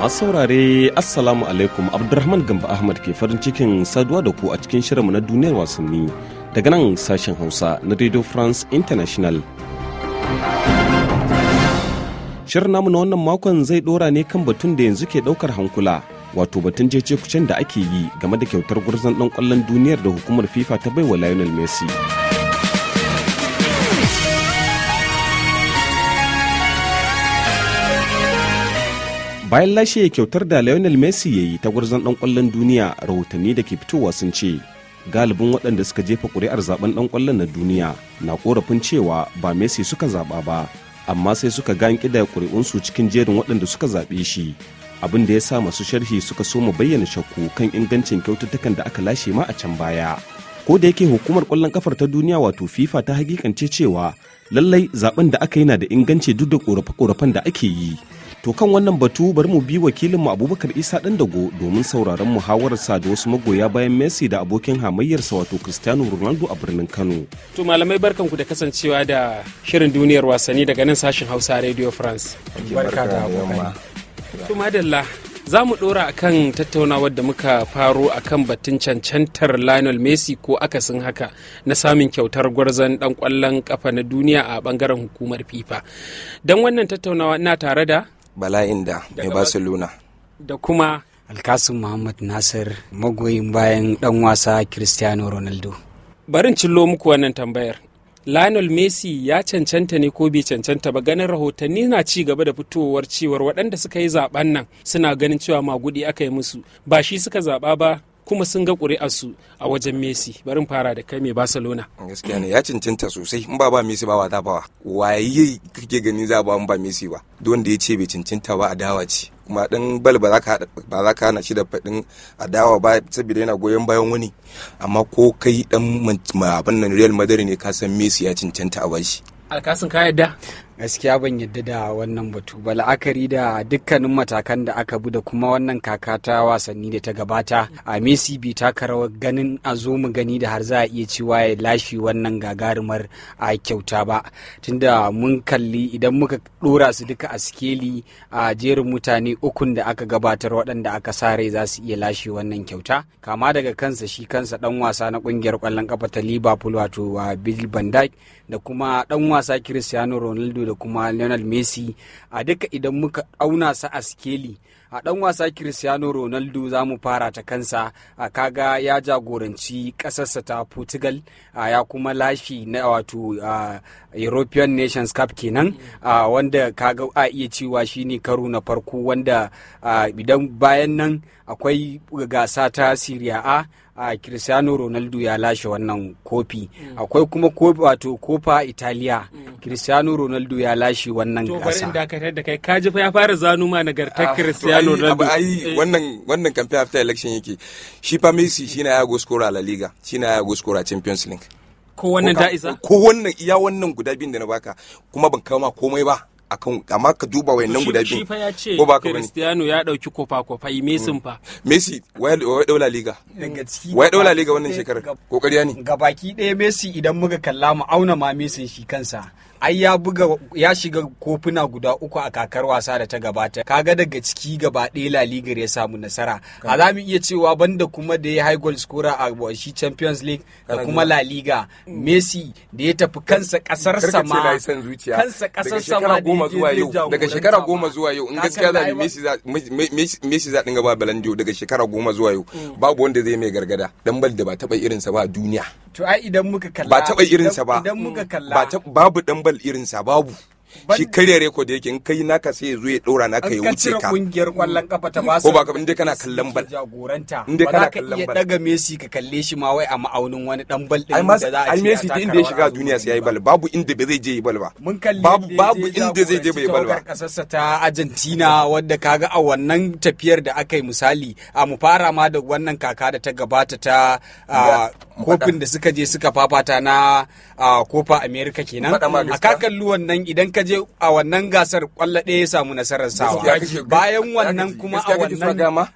masu saurare assalamu alaikum abdulrahman gamba ahmad ke farin cikin saduwa da ku a cikin shirinmu na duniyar wasanni daga nan sashen hausa na radio france international shirin namu na wannan makon zai dora ne kan batun da yanzu ke daukar hankula wato batun cece kucin da ake yi game da kyautar gurzon dan kwallon duniyar da hukumar fifa ta baiwa lionel messi bayan lashe ya kyautar da lionel messi ya yi ta gwarzon dan kwallon duniya rahotanni da ke fitowa sun ce galibin waɗanda suka jefa ƙuri'ar zaben dan kwallon na duniya na korafin cewa ba messi suka zaɓa ba amma sai suka kida da su cikin jerin waɗanda suka zaɓe shi abin da ya sa masu sharhi suka so mu bayyana shakku kan ingancin kyaututtukan da aka lashe ma a can baya ko da yake hukumar kwallon kafar ta duniya wato fifa ta hakikance cewa lallai zaben da aka yi na da inganci duk da korafin korafen da ake yi To kan wannan batu bari mu bi wakilinmu Abubakar Isa ɗan dago domin sauraron muhawararsa da wasu magoya bayan Messi da abokin hamayyarsa wato Cristiano Ronaldo a birnin Kano. To malamai barkanku da kasancewa da shirin duniyar wasanni daga nan sashen Hausa Radio France. Barka da abokai. madalla za mu ɗora a kan tattaunawar da muka faro a kan batun cancantar Lionel Messi ko akasin haka na samun kyautar gwarzon ɗan ƙwallon ƙafa na duniya a ɓangaren hukumar FIFA. Don wannan tattaunawa na tare da bala'in da mai barcelona da kuma alkasim muhammad nasir magoyin bayan dan wasa cristiano ronaldo barin cillo muku wannan tambayar lionel messi ya cancanta ne ko bai cancanta ba ganin rahotanni na ci gaba da fitowar cewar waɗanda suka yi zaben nan suna ganin cewa magudi aka yi musu ba shi suka zaba ba kuma sun ga ƙuri'arsu a wajen Messi barin fara da kai mai Barcelona gaskiya ne ya cancanta sosai in ba ba Messi ba wata ba waye kake gani za ba ba Messi ba don da ya ce bai cancanta ba dawa ce kuma dan bal ba za ka hana shi da faɗin dawa ba saboda yana goyon bayan wani amma ko kai dan abin nan Real Madrid ne ka san Messi ya cancanta a bashi alkasin ka yadda gaskiya ban yadda da wannan batu ba la'akari da dukkanin matakan da aka bi da kuma wannan kaka ta wasanni da ta gabata a messi bi taka rawar ganin a zo mu gani da har za a iya cewa ya lashe wannan gagarumar a kyauta ba tunda mun kalli idan muka dora su duka a sikeli a jerin mutane ukun da aka gabatar waɗanda aka sa rai za su iya lashe wannan kyauta kama daga kansa shi kansa dan wasa na kungiyar kwallon kafa ta liverpool wato bill van da kuma dan wasa cristiano ronaldo da kuma Lionel Messi a duka idan muka auna sa a skeli a dan wasa Cristiano Ronaldo za mu fara ta kansa a kaga ya jagoranci kasarsa ta Portugal ya kuma lashi na wato European Nations Cup kenan wanda kaga a iya cewa shine karo na farko wanda idan bayan nan akwai gasa ta Serie A a cristiano ronaldo ya lashe wannan kofi akwai kuma wato kofa italiya cristiano ronaldo ya lashe wannan gasa to dakatar da kai ji fa ya fara zanu ma nagartar ah, cristiano ronaldo ai eh. wannan wannan campaign after election yake shi fa messi shine ya go scorer la liga shine ya go scorer champions league ko wannan ta isa ko wannan iya wannan guda biyun da na baka kuma ban kawo ma komai ba akan amma ka duba wayannan guda biyu ko ya ce Cristiano ya dauki kofa kofa yi Messi mm. fa Messi wai daula liga daga ciki daula liga wannan shekarar kokari ne gabaki daya Messi idan muka kalla mu auna ma Messi shi kansa ai ya buga ya shiga kofuna guda uku a kakar wasa da ta gabata kaga daga ciki gaba ɗaya La Liga ya samu nasara a za mu iya cewa banda kuma da ya high goal scorer a shi Champions League da kuma La Liga mm. Messi da ya tafi kansa kasar sama kansa kasar sama goma zuwa yau daga shekara goma zuwa yau in gaskiya mu Messi za dinga ba balandio daga shekara goma zuwa yau babu wanda zai mai gargada dan bal da ba taba irinsa ba duniya to ai idan muka kalla ba taba irinsa ba idan muka mm. kalla babu dan bal irinsa babu shi karya reko da yake in kai naka sai ya zo ya dora naka ya wuce ka kungiyar kwallon kafa ta ba ko ba inda kana kallon bal jagoranta inda kana kallon bal daga Messi ka kalle shi ma wai a ma'aunin wani dan bal din da za a ci ai Messi da ya shiga duniya sai yayi bal babu inda ba zai je yi bal ba babu inda zai je bai bal ba kasarsa ta Argentina wadda kaga a wannan tafiyar da aka yi misali a mu fara ma da wannan kaka da ta gabata ta kofin da suka je suka fafata na kofa America kenan a luwan nan idan ka ka je a wannan gasar kwallo ɗaya ya samu nasarar sawa bayan wannan kuma a wannan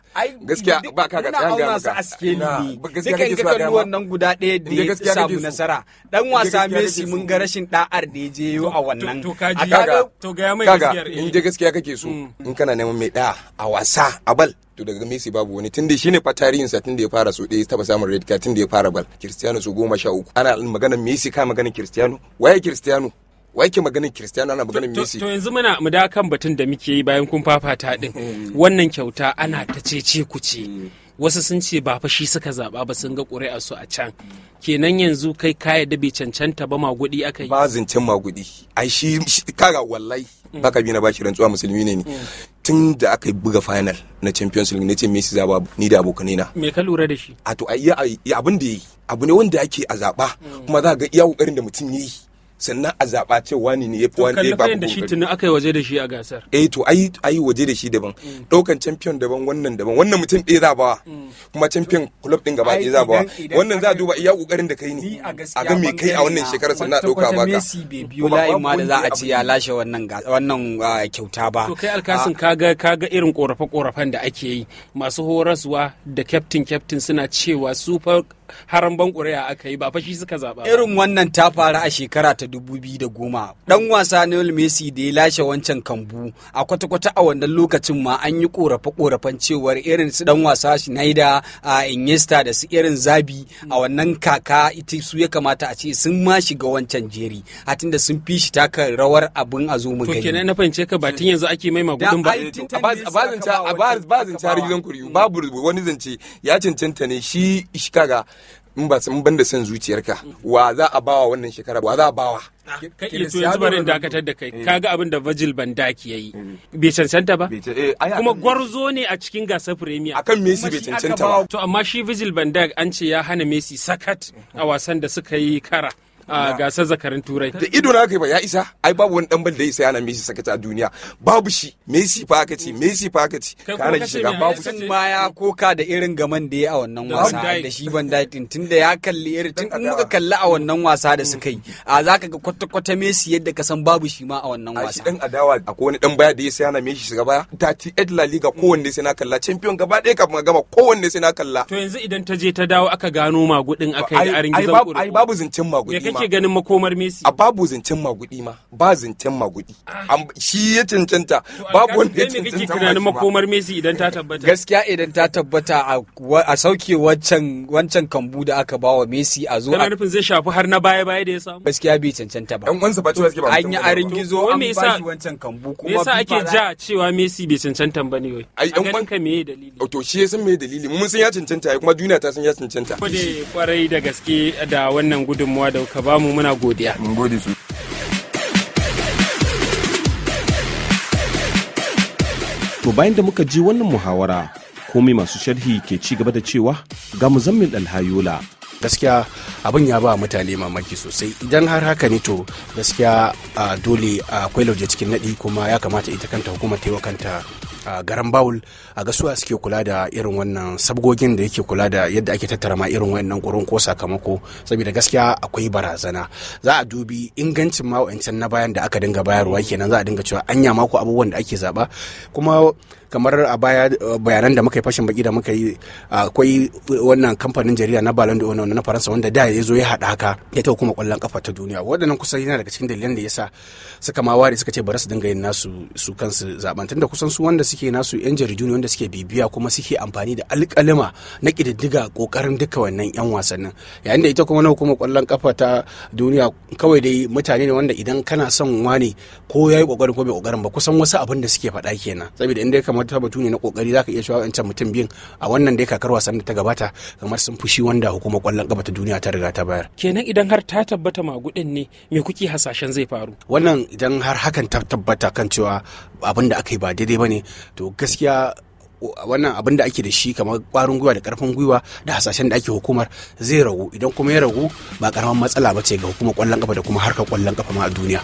gaskiya ba ka ga tsayan ga maka aske ni duka in wannan guda ɗaya da ya samu nasara dan wasa Messi mun ga rashin da'ar da ya je yau a wannan a kaga to ga mai gaskiya eh. in je gaskiya kake so mm. in kana neman mai da'a a wasa a bal to daga Messi babu wani tun shine fa tarihin sa tun ya fara so ɗaya taba samun red card tun ya fara bal Cristiano su goma sha uku ana maganar Messi ka maganar Cristiano waye Cristiano wai ke maganin Cristiano ana maganin Messi to yanzu muna mu da kan batun da muke yi bayan kun fafata din mm. wannan kyauta ana ta ce ku ce mm. wasu sun ce ba fa shi suka zaba ba sun ga ƙuri'a su a can kenan yanzu kai kaya da bai cancanta ba magudi aka yi ba zancen magudi ai shi kaga wallahi mm. baka bi na shi rantsuwa musulmi ne ni tun da aka buga final na champions league ce messi zaba ni da abokanai na me ka lura da shi a to ai abin da yi abu ne wanda ake a zaba kuma za ga iya kokarin da mutum yi sannan a zaɓa ce wani ne ya fi wani ba da shi tuni aka yi waje da shi a gasar eh to ayi ayi waje da shi daban mm. ɗaukan champion daban wannan daban wannan mutum ɗaya zabawa. Mm. kuma champion club ɗin gaba ɗaya zabawa. wannan za a duba iya ƙoƙarin da kai ne a ga me kai a wannan shekarar sannan a ɗauka baka kuma layi ma da za a ci ya lashe wannan wannan ah, kyauta ba to kai alkasin kaga kaga irin korafe-korafen da ake yi masu horaswa da captain captain suna cewa super ban ƙuri'a aka yi ba fashi suka zaɓa. Irin wannan ta faru a shekara ta dubu biyu da goma. Ɗan wasa Lionel Messi da ya lashe wancan kambu a kwata-kwata a wannan lokacin ma an yi ƙorafe-ƙorafen cewar irin su ɗan wasa Schneider a Iniesta da su irin Zabi a wannan kaka ita su ya kamata a ce sun ma shiga wancan jeri. a da sun fi shi taka rawar abin a zo mu gani. To kenan na fahimce ka ba tun yanzu ake mai magudun ba. A bazin tarihin kuriyu babu wani zance ya cancanta ne shi kaga in ba in son zuciyarka wa za a bawa wannan shekara wa za a bawa ka iya to yanzu barin dakatar da kai eh. kaga abin da Virgil van Dijk yayi bai cancanta ba eh, kuma gwarzo ne a cikin gasar Premier akan Messi bai cancanta ba to amma shi Virgil van Dijk an ce ya hana Messi sakat a wasan da suka yi kara a gasar zakarin turai da ido na kai ba ya isa ai babu wani dan bal da ya isa yana Messi sakata a duniya babu shi Messi fa aka ce Messi fa aka ce kana shi shiga babu shi ma ya koka da irin gaman da ya a wannan wasa da shi ban daɗin tunda ya kalli irin tun muka kalli a wannan wasa da suka yi a zaka ga kwata kwata Messi yadda ka san babu shi ma a wannan wasa shi dan adawa akwai wani dan baya da ya isa yana Messi shiga baya 38 La Liga kowanne sai na kalla champion gaba ɗaya kafin gama kowanne sai na kalla to yanzu idan ta je ta dawo aka gano magudin aka yi da arin gizo ai babu zancen magudi kake ganin makomar Messi? A babu zancen magudi ma, ba zancen magudi. Shi ya cancanta, babu wanda ya cancanta. Kake tunanin makomar Messi idan ta tabbata? Gaskiya idan ta tabbata a sauke wancan wancan kambu da aka ba wa Messi a zo. Kana nufin zai shafi har na baya baya da ya samu? Gaskiya bai cancanta ba. an wansa ba cewa ba. An yi arin gizo an ba shi wancan kambu kuma. Me yasa ake ja cewa Messi bai cancanta ba ne wai? Ai ɗan wanka me dalili? To shi ya san me dalili? Mun san ya cancanta kuma duniya ta san ya cancanta. Kwade kwarai da gaske da wannan gudunmuwa da kuka bamu muna godiya mun gode to bayan da muka ji wannan muhawara komai masu sharhi ke ci gaba da cewa ga muzammil alhayola gaskiya abin ya ba mutane mamaki sosai idan har haka ne to gaskiya dole akwai lauje cikin naɗi kuma ya kamata ita kanta hukumar taiwa kanta a garan bawul a gasuwa suke kula da irin wannan sabgogin da yake kula da yadda ake tattara ma irin wannan gurin ko sakamako saboda gaskiya akwai barazana za a dubi ingancin ma na bayan da aka dinga bayarwa kenan za a dinga cewa anya mako abubuwan da ake zaba kuma kamar a baya eh, bayanan da muka yi fashin baki da muka yi akwai wannan kamfanin jarida na Ballon d'Or na Faransa wanda da ya zo ya haɗa haka ya ta kuma kwallon kafa ta duniya waɗannan kusan yana daga cikin dalilan da sa suka ma ware suka ce bari su dinga yin nasu su kansu zaben tunda kusan su wanda suke nasu yan jaridu ne wanda suke bibiya kuma suke amfani da alƙalima na ƙididdiga ƙoƙarin duka wannan yan wasannin yayin da ita kuma na hukumar kwallon kafa ta duniya kawai dai mutane ne wanda idan kana son wani ko ya yi ƙoƙarin ko bai ƙoƙarin ba kusan wasu abin da suke faɗa kenan saboda inda kamar wata batu ne na kokari zaka iya shawo wancan mutum biyun a wannan dai kakar wasan da ta gabata kamar sun fushi wanda hukumar kwallon kafa ta duniya ta riga ta bayar kenan idan har ta tabbata magudin ne me kuke hasashen zai faru wannan idan har hakan ta tabbata kan cewa abin da aka yi ba daidai bane to gaskiya wannan abin da ake da shi kamar kwarin gwiwa da karfin gwiwa da hasashen da ake hukumar zai ragu idan kuma ya ragu ba karamin matsala ba ce ga hukumar kwallon kafa da kuma harkar kwallon kafa ma a duniya.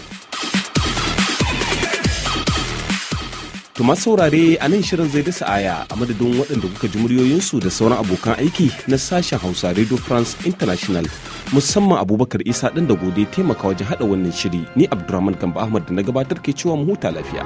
To masu saurare a nan shirin zai dasa aya a madadin waɗanda kuka ji muryoyinsu da sauran abokan aiki na sashen Hausa Radio France International musamman Abubakar Isa ɗin da gode taimaka wajen haɗa wannan shiri ni Abdulrahman Gamba Ahmad da na gabatar ke cewa mu huta lafiya.